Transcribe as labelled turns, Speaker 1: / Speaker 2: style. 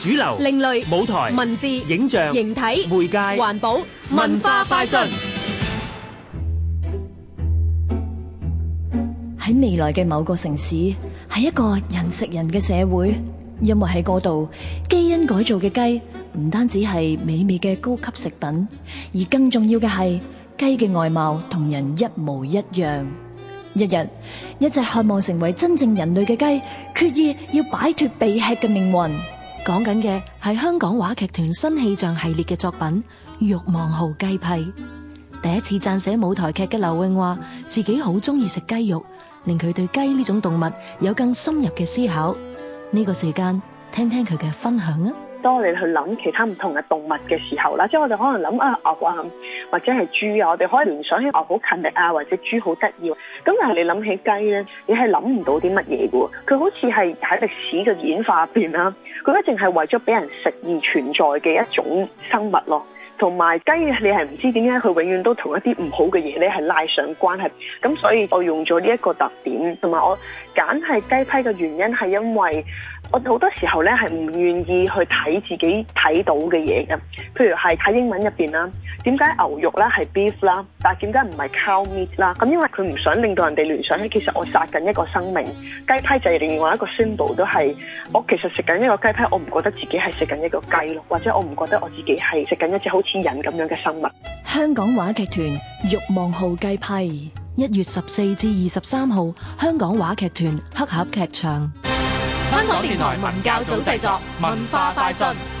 Speaker 1: 主流、另類、舞台、文字、影像、形體、媒介、環保、文化快訊。喺未來嘅某個城市，係一個人食人嘅社會，因為喺嗰度，基因改造嘅雞唔單止係美味嘅高級食品，而更重要嘅係雞嘅外貌同人一模一樣。一日，一隻渴望成為真正人類嘅雞，決意要擺脫被吃嘅命運。
Speaker 2: 講緊嘅係香港話劇團新氣象系列嘅作品《欲望號雞批》。第一次撰寫舞台劇嘅劉永話自己好中意食雞肉，令佢對雞呢種動物有更深入嘅思考。呢個時間聽聽佢嘅分享啊！
Speaker 3: 當你去諗其他唔同嘅動物嘅時候啦，即係我哋可能諗啊牛啊或者係豬啊，我哋可以聯想起牛好勤力啊或者豬好得意，咁但係你諗起雞咧，你係諗唔到啲乜嘢嘅喎，佢好似係喺歷史嘅演化入邊啦，佢一定係為咗俾人食而存在嘅一種生物咯。同埋雞，你係唔知點解佢永遠都同一啲唔好嘅嘢咧係拉上關係。咁所以我用咗呢一個特點，同埋我揀係雞批嘅原因係因為我好多時候咧係唔願意去睇自己睇到嘅嘢嘅，譬如係睇英文入邊啦。點解牛肉咧係 beef 啦，但係點解唔係 cow meat 啦？咁因為佢唔想令到人哋聯想起，其實我殺緊一個生命。雞批就係另外一個 symbol，都係我其實食緊一個雞批，我唔覺得自己係食緊一個雞咯，或者我唔覺得我自己係食緊一隻好似人咁樣嘅生物。
Speaker 2: 香港話劇團欲望號雞批，一月十四至二十三號，香港話劇團黑盒劇場。香
Speaker 3: 港電台文教組製作
Speaker 2: 文化快訊。